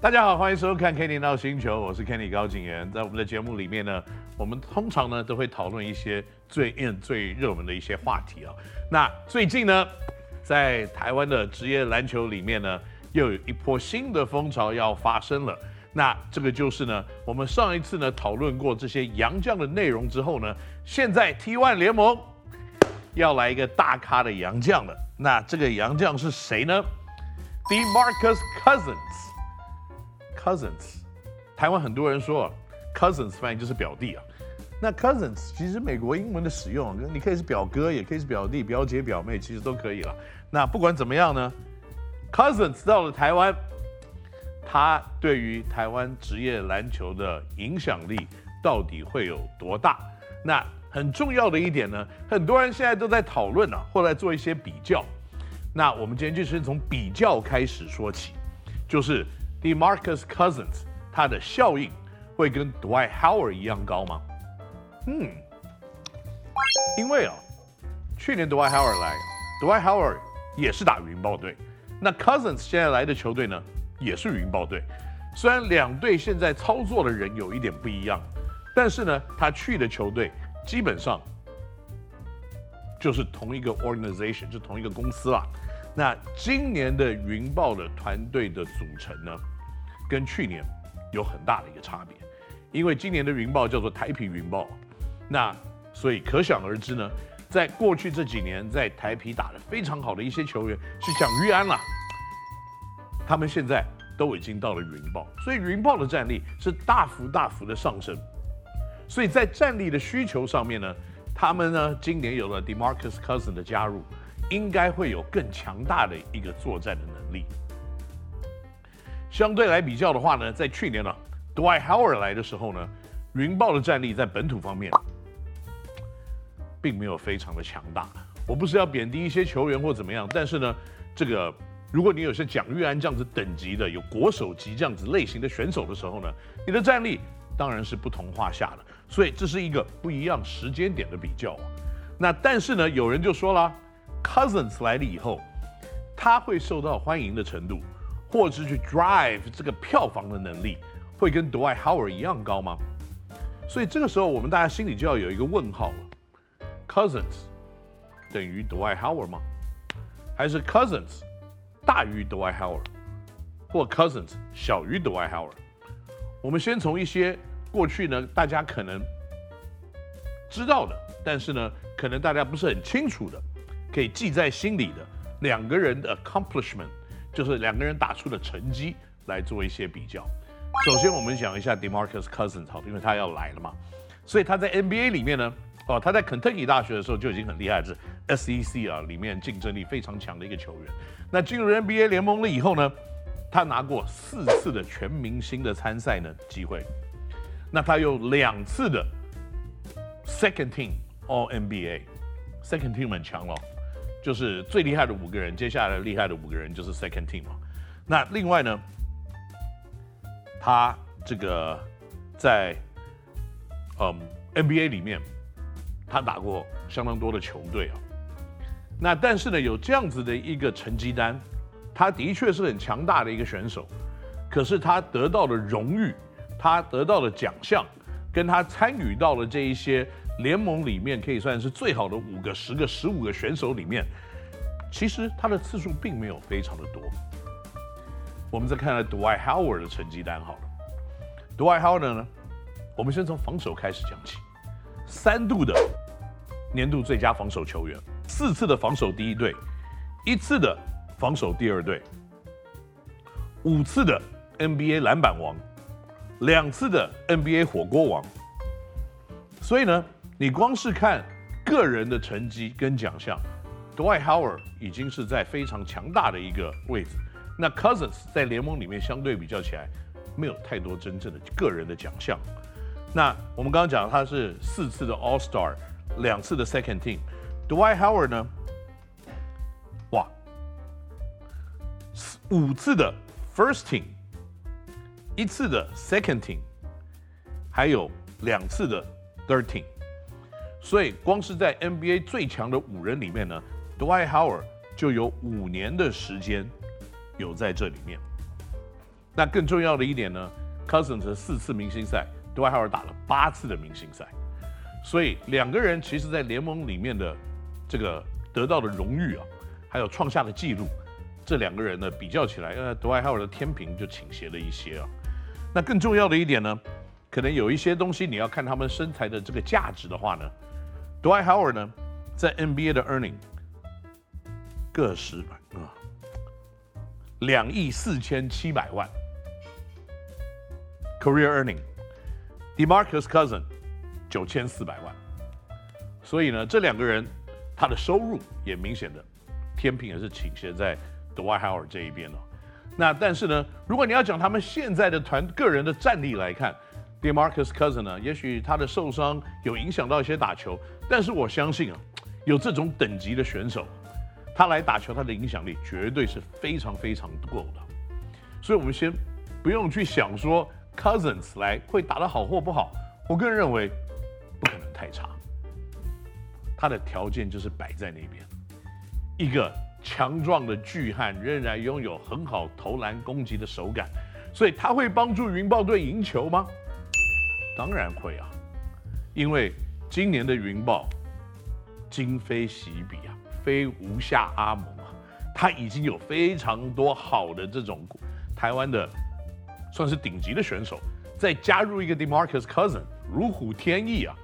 大家好，歡迎收看《Kenny NOW 星球》，我是 Kenny 高景炎。在我們的節目裡面呢，我們通常呢都會討論一些最熱、最熱門的一些話題啊、哦。那最近呢，在台灣的職業籃球裡面呢，又有一波新的風潮要發生了。那這個就是呢，我們上一次呢討論過這些洋將的內容之後呢，現在 T1 聯盟要來一個大咖的洋將了。那這個洋將是誰呢？DeMarcus Cousins。The Marcus Cousins，台灣很多人說 cousins 翻譯就是表弟啊。那 cousins 其實美國英文的使用，你可以是表哥，也可以是表弟、表姐、表妹，其實都可以了。那不管怎麼樣呢，cousins 到了台灣，他對於台灣職業籃球的影響力到底會有多大？那很重要的一點呢，很多人現在都在討論啊，後來做一些比較。那我們今天就是從比較開始說起，就是。DeMarcus Cousins，他的效應會跟 Dwight Howard 一樣高嗎？嗯，因為啊、哦，去年 Dwight Howard 來 Dwight Howard 也是打雲豹隊，那 Cousins 現在來的球隊呢，也是雲豹隊。雖然兩隊現在操作的人有一點不一樣，但是呢，他去的球隊基本上就是同一個 organization，就同一個公司啦。那今年的雲豹的團隊的組成呢？跟去年有很大的一個差別，因為今年的雲豹叫做台啤雲豹，那所以可想而知呢，在過去這幾年在台啤打得非常好的一些球員是蔣淯安了，他們現在都已經到了雲豹，所以雲豹的戰力是大幅大幅的上升，所以在戰力的需求上面呢，他們呢今年有了 DeMarcus Cousins 的加入，應該會有更強大的一個作戰的能力。相對來比較的話呢，在去年呢，Dwight Howard 來的時候呢，雲豹的戰力在本土方面並沒有非常的強大。我不是要貶低一些球員或怎麼樣，但是呢，這個如果你有些蔣玉安這樣子等級的，有國手級這樣子類型的選手的時候呢，你的戰力當然是不同話下的。所以這是一個不一樣時間點的比較啊。那但是呢，有人就說了，Cousins 來了以後，他會受到歡迎的程度。或者去 drive 這個票房的能力，會跟 Dwight Howard 一樣高嗎？所以這個時候，我們大家心裡就要有一個問號了：Cousins 等於 Dwight Howard 嗎？還是 Cousins 大於 Dwight Howard，或 Cousins 小於 Dwight Howard？我們先從一些過去呢，大家可能知道的，但是呢，可能大家不是很清楚的，可以記在心裡的兩個人的 accomplishment。就是兩個人打出的成績來做一些比較。首先，我們講一下 DeMarcus Cousins 好，因為他要來了嘛。所以他在 NBA 裡面呢，哦，他在肯塔基大學的時候就已經很厲害，是 SEC 啊，裡面競爭力非常強的一個球員。那進入 NBA 聯盟了以後呢，他拿過四次的全明星的參賽呢機會。那他有兩次的 Second Team All NBA，Second Team 很強了。就是最厲害的五個人，接下來厲害的五個人就是 second team 嘛、啊，那另外呢，他這個在嗯 NBA 裡面，他打過相當多的球隊啊。那但是呢，有這樣子的一個成績單，他的確是很強大的一個選手。可是他得到的榮譽，他得到的獎項，跟他參與到的這一些。聯盟裡面可以算是最好的五個、十個、十五個選手裡面，其實他的次數並沒有非常的多。我們再看看 Dwight Howard 的成績單好了，Dwight Howard 呢，我們先從防守開始講起：三度的年度最佳防守球員，四次的防守第一隊，一次的防守第二隊，五次的 NBA 籃板王，兩次的 NBA 火鍋王。所以呢。你光是看個人的成績跟獎項，Dwight Howard 已經是在非常強大的一個位置。那 Cousins 在聯盟裡面相對比較起來，沒有太多真正的個人的獎項。那我們剛剛講他是四次的 All Star，兩次的 Second Team，Dwight Howard 呢？哇，五次的 First Team，一次的 Second Team，還有兩次的 Third Team。所以，光是在 NBA 最強的五人裡面呢，Dwight Howard 就有五年的時間有在這裡面。那更重要的一點呢，Cousins 是四次明星賽，Dwight Howard 打了八次的明星賽。所以兩個人其實，在聯盟裡面的這個得到的榮譽啊，還有創下的記錄，這兩個人呢比較起來，呃，Dwight Howard 的天平就傾斜了一些啊。那更重要的一點呢，可能有一些東西你要看他們身材的這個價值的話呢。Dwight Howard 呢，在 NBA 的 earning，個十百啊、哦，兩億四千七百萬，Career earning，DeMarcus Cousins 九千四百萬，所以呢，這兩個人他的收入也明顯的天平也是傾斜在 Dwight Howard 這一邊哦。那但是呢，如果你要講他們現在的團個人的戰力來看，DeMarcus Cousin 呢，也許他的受傷有影響到一些打球，但是我相信啊，有這種等級的選手，他來打球，他的影響力絕對是非常非常夠的。所以，我們先不用去想說 Cousins 來會打得好或不好。我個人認為，不可能太差。他的條件就是擺在那邊，一個強壯的巨漢，仍然擁有很好投籃攻擊的手感，所以他會幫助雲豹隊贏球嗎？當然會啊，因為今年的雲豹今非昔比啊，非吳下阿蒙啊，他已經有非常多好的這種台灣的算是頂級的選手，再加入一個 Demarcus Cousins 如虎添翼啊，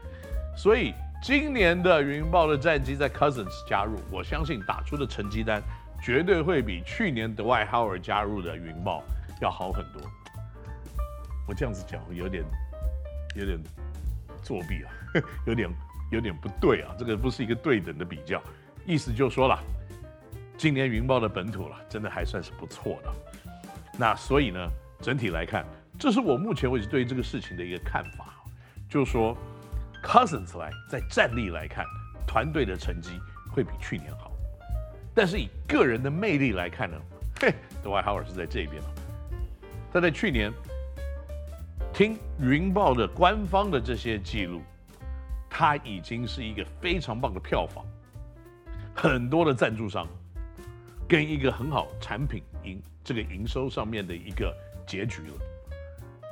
所以今年的雲豹的戰績在 Cousins 加入，我相信打出的成績單絕對會比去年 Dwight Howard 加入的雲豹要好很多。我這樣子講有點。有點作弊啊，有點有點不對啊，這個不是一個對等的比較。意思就說啦，今年雲豹的本土了，真的還算是不錯的。那所以呢，整體來看，這是我目前為止對這個事情的一個看法。就說 Cousins 來，在戰力來看，團隊的成績會比去年好。但是以個人的魅力來看呢，嘿，Dwight Howard 是在這邊，他在去年。聽雲豹的官方的這些記錄，它已經是一個非常棒的票房，很多的贊助商跟一個很好產品營，這個營收上面的一個結局了。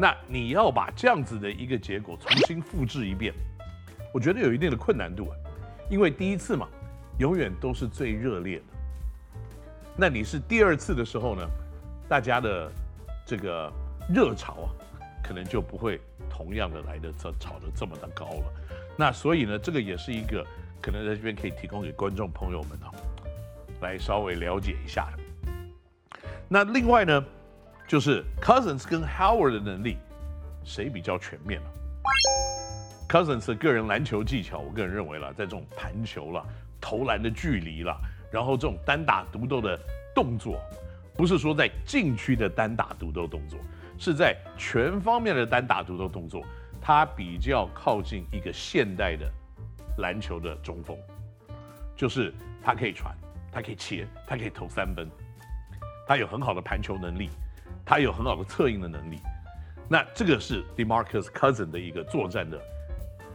那你要把這樣子的一個結果重新複製一遍，我覺得有一定的困難度啊，因為第一次嘛，永遠都是最熱烈的。那你是第二次的時候呢？大家的這個熱潮啊。可能就不會同樣的來的這炒的這麼的高了，那所以呢，這個也是一個可能在這邊可以提供給觀眾朋友們啊，來稍微了解一下。那另外呢，就是 Cousins 跟 Howard 的能力，誰比較全面呢、啊、？Cousins 的個人籃球技巧，我個人認為啦，在這種盤球啦、投籃的距離啦，然後這種單打獨鬥的動作，不是說在禁區的單打獨鬥動作。是在全方面的單打獨鬥動作，他比較靠近一個現代的籃球的中鋒，就是他可以傳，他可以切，他可以投三分，他有很好的盤球能力，他有很好的策應的能力。那這個是 DeMarcus Cousins 的一個作戰的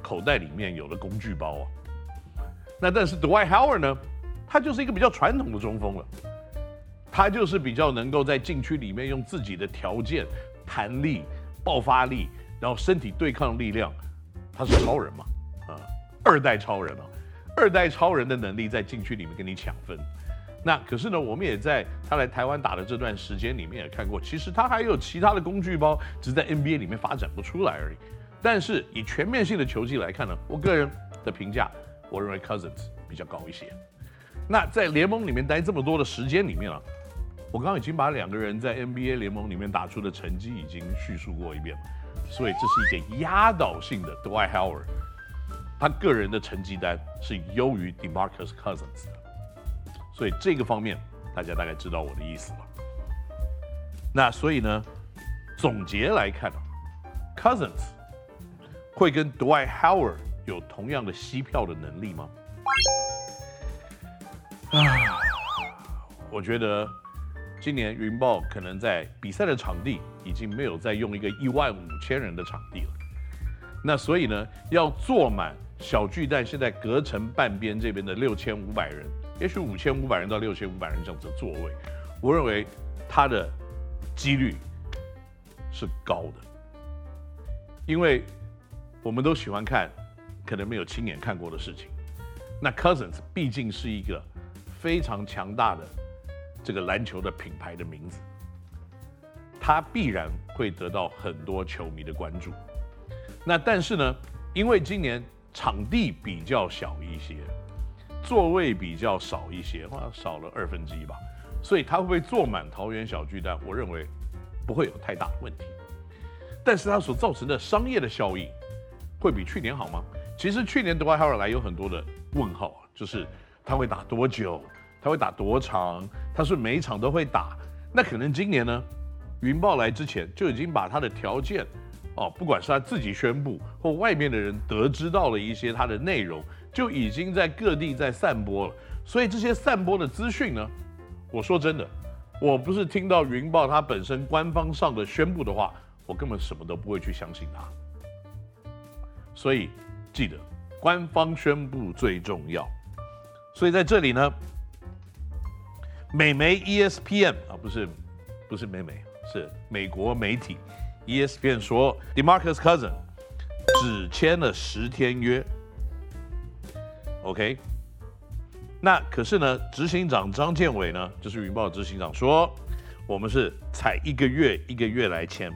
口袋裡面有的工具包啊。那但是 Dwight Howard 呢，他就是一個比較傳統的中鋒了。他就是比較能夠在禁區裡面用自己的條件、彈力、爆發力，然後身體對抗力量，他是超人嘛，啊，二代超人嘛，啊，二代超人的能力在禁區裡面跟你搶分。那可是呢，我們也在他來台灣打的這段時間裡面也看過，其實他還有其他的工具包，只是在 NBA 裡面發展不出來而已。但是以全面性的球技來看呢，我個人的評價，我認為 Cousins 比較高一些。那在聯盟裡面待這麼多的時間裡面啊。我剛剛已經把兩個人在 NBA 聯盟裡面打出的成績已經敘述過一遍了，所以這是一個壓倒性的，Dwight Howard，他個人的成績單是優於 Demarcus Cousins 的，所以這個方面大家大概知道我的意思了。那所以呢，總結來看 Cousins 會跟 Dwight Howard 有同樣的吸票的能力嗎？啊，我覺得。今年雲豹可能在比賽的場地已經沒有再用一個一萬五千人的場地了，那所以呢，要坐滿小巨蛋現在隔成半邊這邊的六千五百人，也許五千五百人到六千五百人這樣子座位，我認為它的幾率是高的，因為我們都喜歡看可能沒有親眼看過的事情，那 Cousins 畢竟是一個非常強大的。這個籃球的品牌的名字，它必然會得到很多球迷的關注。那但是呢，因為今年場地比較小一些，座位比較少一些，好像少了二分之一吧，所以它會不會坐滿桃園小巨蛋？我認為不會有太大的問題。但是它所造成的商業的效益會比去年好嗎？其實去年的阿哈爾萊有很多的問號，就是它會打多久？他會打多長？他是每一場都會打。那可能今年呢，雲豹來之前就已經把他的條件，哦，不管是他自己宣布或外面的人得知到了一些他的內容，就已經在各地在散播了。所以這些散播的資訊呢，我說真的，我不是聽到雲豹他本身官方上的宣布的話，我根本什麼都不會去相信他。所以記得官方宣布最重要。所以在這裡呢。美媒 ESPN 啊，不是，不是美媒，是美國媒體 ESPN 說 Demarcus Cousins 只簽了十天約。OK，那可是呢，執行長張建偉呢，就是雲豹執行長說，我們是採一個月一個月來簽，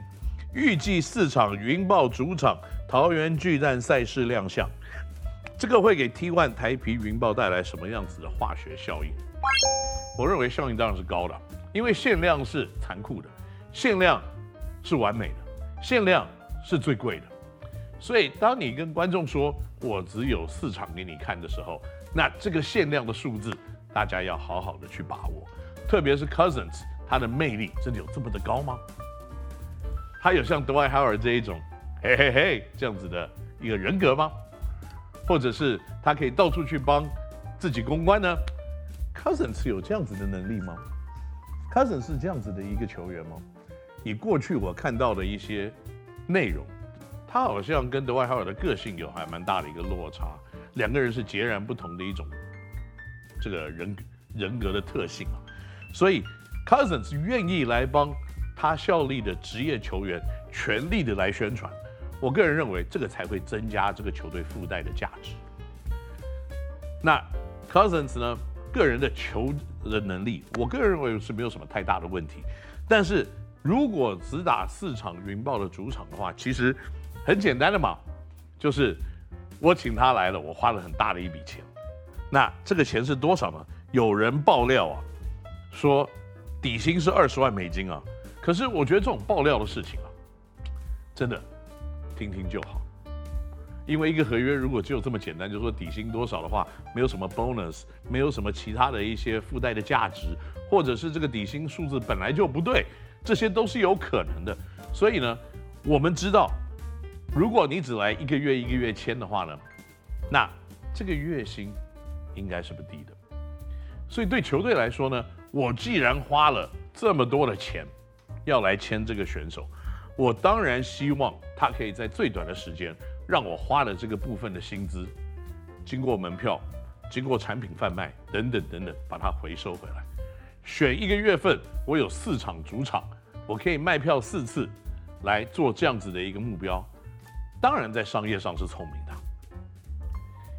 預計四場雲豹主場桃園巨蛋賽事亮相，這個會給 T1 台啤雲豹帶來什麼樣子的化學效應？我認為效應當然是高的，因為限量是殘酷的，限量是完美的，限量是最貴的。所以當你跟觀眾說“我只有四場給你看”的時候，那這個限量的數字大家要好好的去把握。特別是 Cousins，他的魅力真的有這麼的高嗎？他有像 Dwight Howard 這一種嘿嘿嘿這樣子的一個人格嗎？或者是他可以到處去幫自己公關呢？Cousins 有這樣子的能力嗎？Cousins 是這樣子的一個球員嗎？你過去我看到的一些內容，他好像跟德懷特的個性有還蠻大的一個落差，兩個人是截然不同的一種這個人人格的特性啊。所以 Cousins 願意來幫他效力的職業球員，全力的來宣傳，我個人認為這個才會增加這個球隊附帶的價值。那 Cousins 呢？個人的求人能力，我個人認為是沒有什麼太大的問題。但是如果只打四場雲豹的主場的話，其實很簡單的嘛，就是我請他來了，我花了很大的一筆錢。那這個錢是多少呢？有人爆料啊，說底薪是二十萬美金啊。可是我覺得這種爆料的事情啊，真的聽聽就好。因為一個合約如果只有這麼簡單，就是說底薪多少的話，沒有什麼 bonus，沒有什麼其他的一些附帶的價值，或者是這個底薪數字本來就不對，這些都是有可能的。所以呢，我們知道，如果你只來一個月一個月簽的話呢，那這個月薪應該是不低的。所以對球隊來說呢，我既然花了這麼多的錢要來簽這個選手，我當然希望他可以在最短的時間。讓我花了這個部分的薪資，經過門票，經過產品販賣等等等等，把它回收回來。選一個月份，我有四場主場，我可以賣票四次，來做這樣子的一個目標。當然，在商業上是聰明的，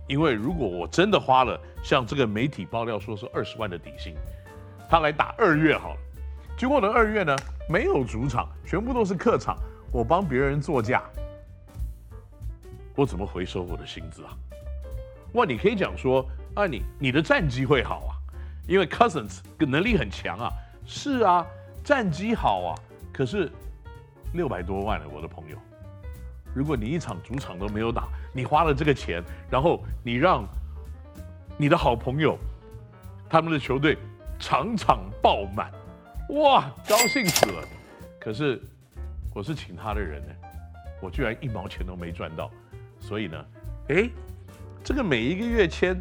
因為如果我真的花了像這個媒體爆料說是二十萬的底薪，他來打二月好了。結果呢，二月呢，沒有主場，全部都是客場，我幫別人做價。我怎麼回收我的薪資啊？哇，你可以講說啊，你你的戰績會好啊，因為 Cousins 能力很強啊。是啊，戰績好啊。可是六百多萬了，我的朋友，如果你一場主場都沒有打，你花了這個錢，然後你讓你的好朋友他們的球隊場場爆滿，哇，高興死了。可是我是請他的人呢，我居然一毛錢都沒賺到。所以呢，誒，這個每一個月簽，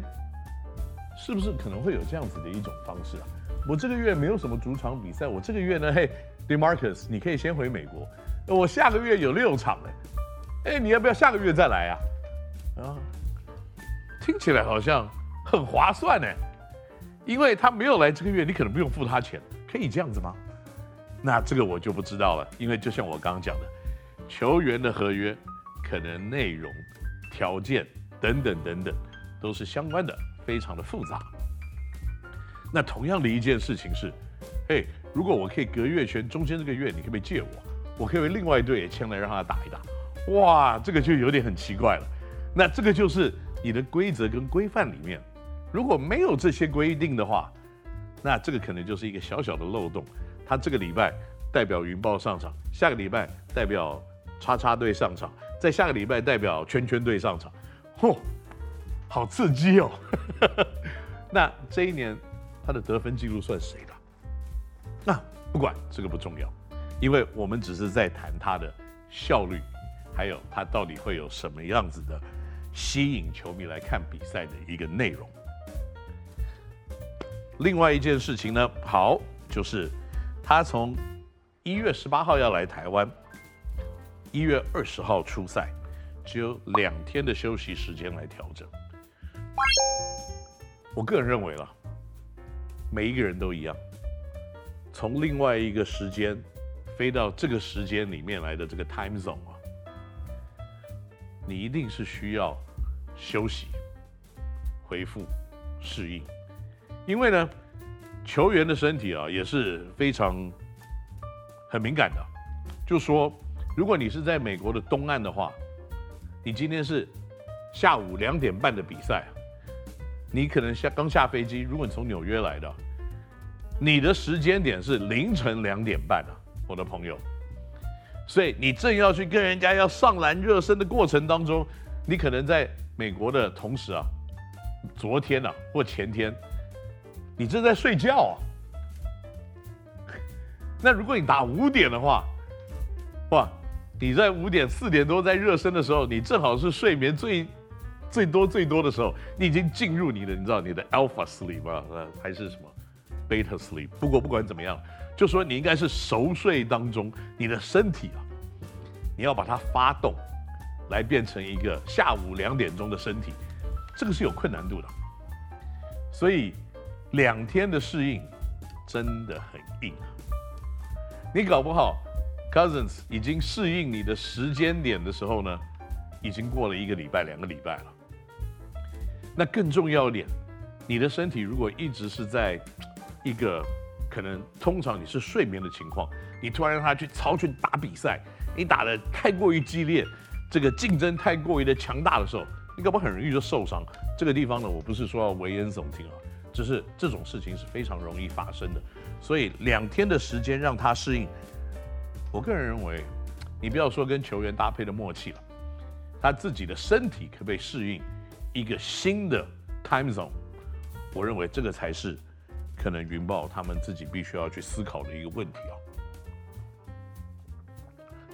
是不是可能會有這樣子的一種方式啊？我這個月沒有什麼主場比賽，我這個月呢，嘿，DeMarcus，你可以先回美國。我下個月有六場哎，你要不要下個月再來啊？啊，聽起來好像很划算呢，因為他沒有來這個月，你可能不用付他錢，可以這樣子嗎？那這個我就不知道了，因為就像我剛剛講的，球員的合約。可能內容、條件等等等等，都是相關的，非常的複雜。那同樣的一件事情是，嘿，如果我可以隔月簽，中間這個月你可不可以借我，我可以為另外一隊也簽來，讓他打一打。哇，這個就有點很奇怪了。那這個就是你的規則跟規範裡面，如果沒有這些規定的話，那這個可能就是一個小小的漏洞。他這個禮拜代表雲豹上場，下個禮拜代表叉叉隊上場。在下個禮拜代表圈圈隊上場，嚯、哦，好刺激哦！ 那這一年他的得分記錄算誰的？那、啊、不管這個不重要，因為我們只是在談他的效率，還有他到底會有什麼樣子的吸引球迷來看比賽的一個內容。另外一件事情呢，好，就是他從一月十八號要來台灣。一月二十號出賽，只有兩天的休息時間來調整。我個人認為啦，每一個人都一樣，從另外一個時間飛到這個時間裡面來的這個 time zone 啊，你一定是需要休息、恢復、適應，因為呢，球員的身體啊也是非常很敏感的，就說。如果你是在美國的東岸的話，你今天是下午兩點半的比賽，你可能下剛下飛機，如果你從紐約來的，你的時間點是凌晨兩點半啊，我的朋友，所以你正要去跟人家要上籃熱身的過程當中，你可能在美國的同時啊，昨天啊或前天，你正在睡覺啊，那如果你打五點的話，哇！你在五點四點多在熱身的時候，你正好是睡眠最最多最多的時候，你已經進入你的，你知道你的 alpha sleep 啊，還是什麼 beta sleep？不過不管怎麼樣，就說你應該是熟睡當中，你的身體啊，你要把它發動，來變成一個下午兩點鐘的身體，這個是有困難度的，所以兩天的適應真的很硬，你搞不好。Cousins 已經適應你的時間點的時候呢，已經過了一個禮拜，兩個禮拜了。那更重要一點，你的身體如果一直是在一個可能通常你是睡眠的情況，你突然讓他去操去打比賽，你打得太過於激烈，這個競爭太過於的強大的時候，你根本很容易就受傷。這個地方呢，我不是說要危言聳聽啊，只是這種事情是非常容易發生的。所以兩天的時間讓他適應。我個人認為，你不要說跟球員搭配的默契了，他自己的身體可不可以適應一個新的 time zone。我認為這個才是可能雲豹他們自己必須要去思考的一個問題啊，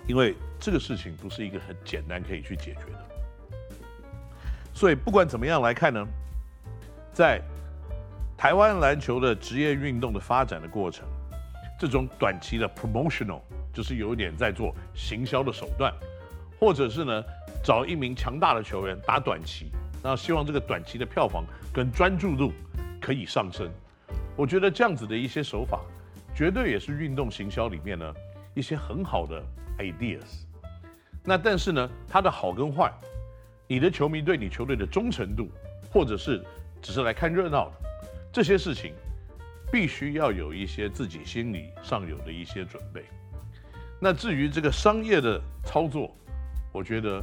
因為這個事情不是一個很簡單可以去解決的。所以不管怎麼樣來看呢，在台灣籃球的職業運動的發展的過程，這種短期的 promotional。就是有一點在做行銷的手段，或者是呢找一名強大的球員打短期，那希望這個短期的票房跟專注度可以上升。我覺得這樣子的一些手法，絕對也是運動行銷裡面呢一些很好的 ideas。那但是呢，它的好跟壞，你的球迷對你球隊的忠誠度，或者是只是來看熱鬧的，這些事情，必須要有一些自己心理上有的一些準備。那至於這個商業的操作，我覺得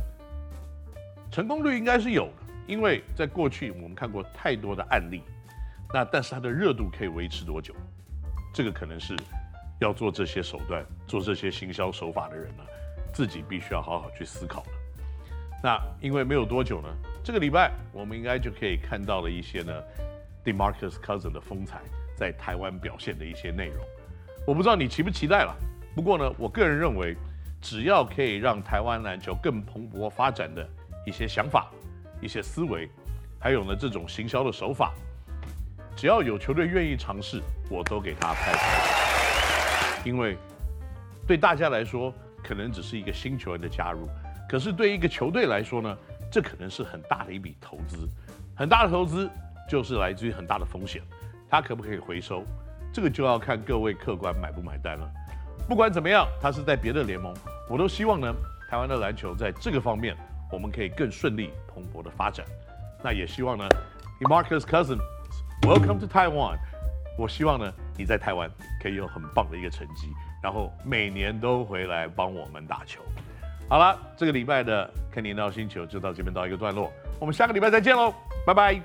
成功率應該是有的，因為在過去我們看過太多的案例。那但是它的熱度可以維持多久，這個可能是要做這些手段、做這些行銷手法的人呢，自己必須要好好去思考的。那因為沒有多久呢，這個禮拜我們應該就可以看到了一些呢，DeMarcus Cousins 的風采在台灣表現的一些內容。我不知道你期不期待了。不過呢，我個人認為，只要可以讓台灣籃球更蓬勃發展的一些想法、一些思維，還有呢，這種行銷的手法，只要有球隊願意嘗試，我都給他拍拍。因為對大家來說，可能只是一個新球員的加入，可是對一個球隊來說呢，這可能是很大的一筆投資，很大的投資就是來自於很大的風險，他可不可以回收，這個就要看各位客官買不買單了。不管怎麼樣，他是在別的聯盟，我都希望呢，台灣的籃球在這個方面，我們可以更順利蓬勃的發展。那也希望呢，Marcus Cousins，Welcome to Taiwan，我希望呢，你在台灣可以有很棒的一個成績，然後每年都回來幫我們打球。好了，這個禮拜的《肯尼 NOW 星球》就到這邊到一個段落，我們下個禮拜再見嘍，拜拜。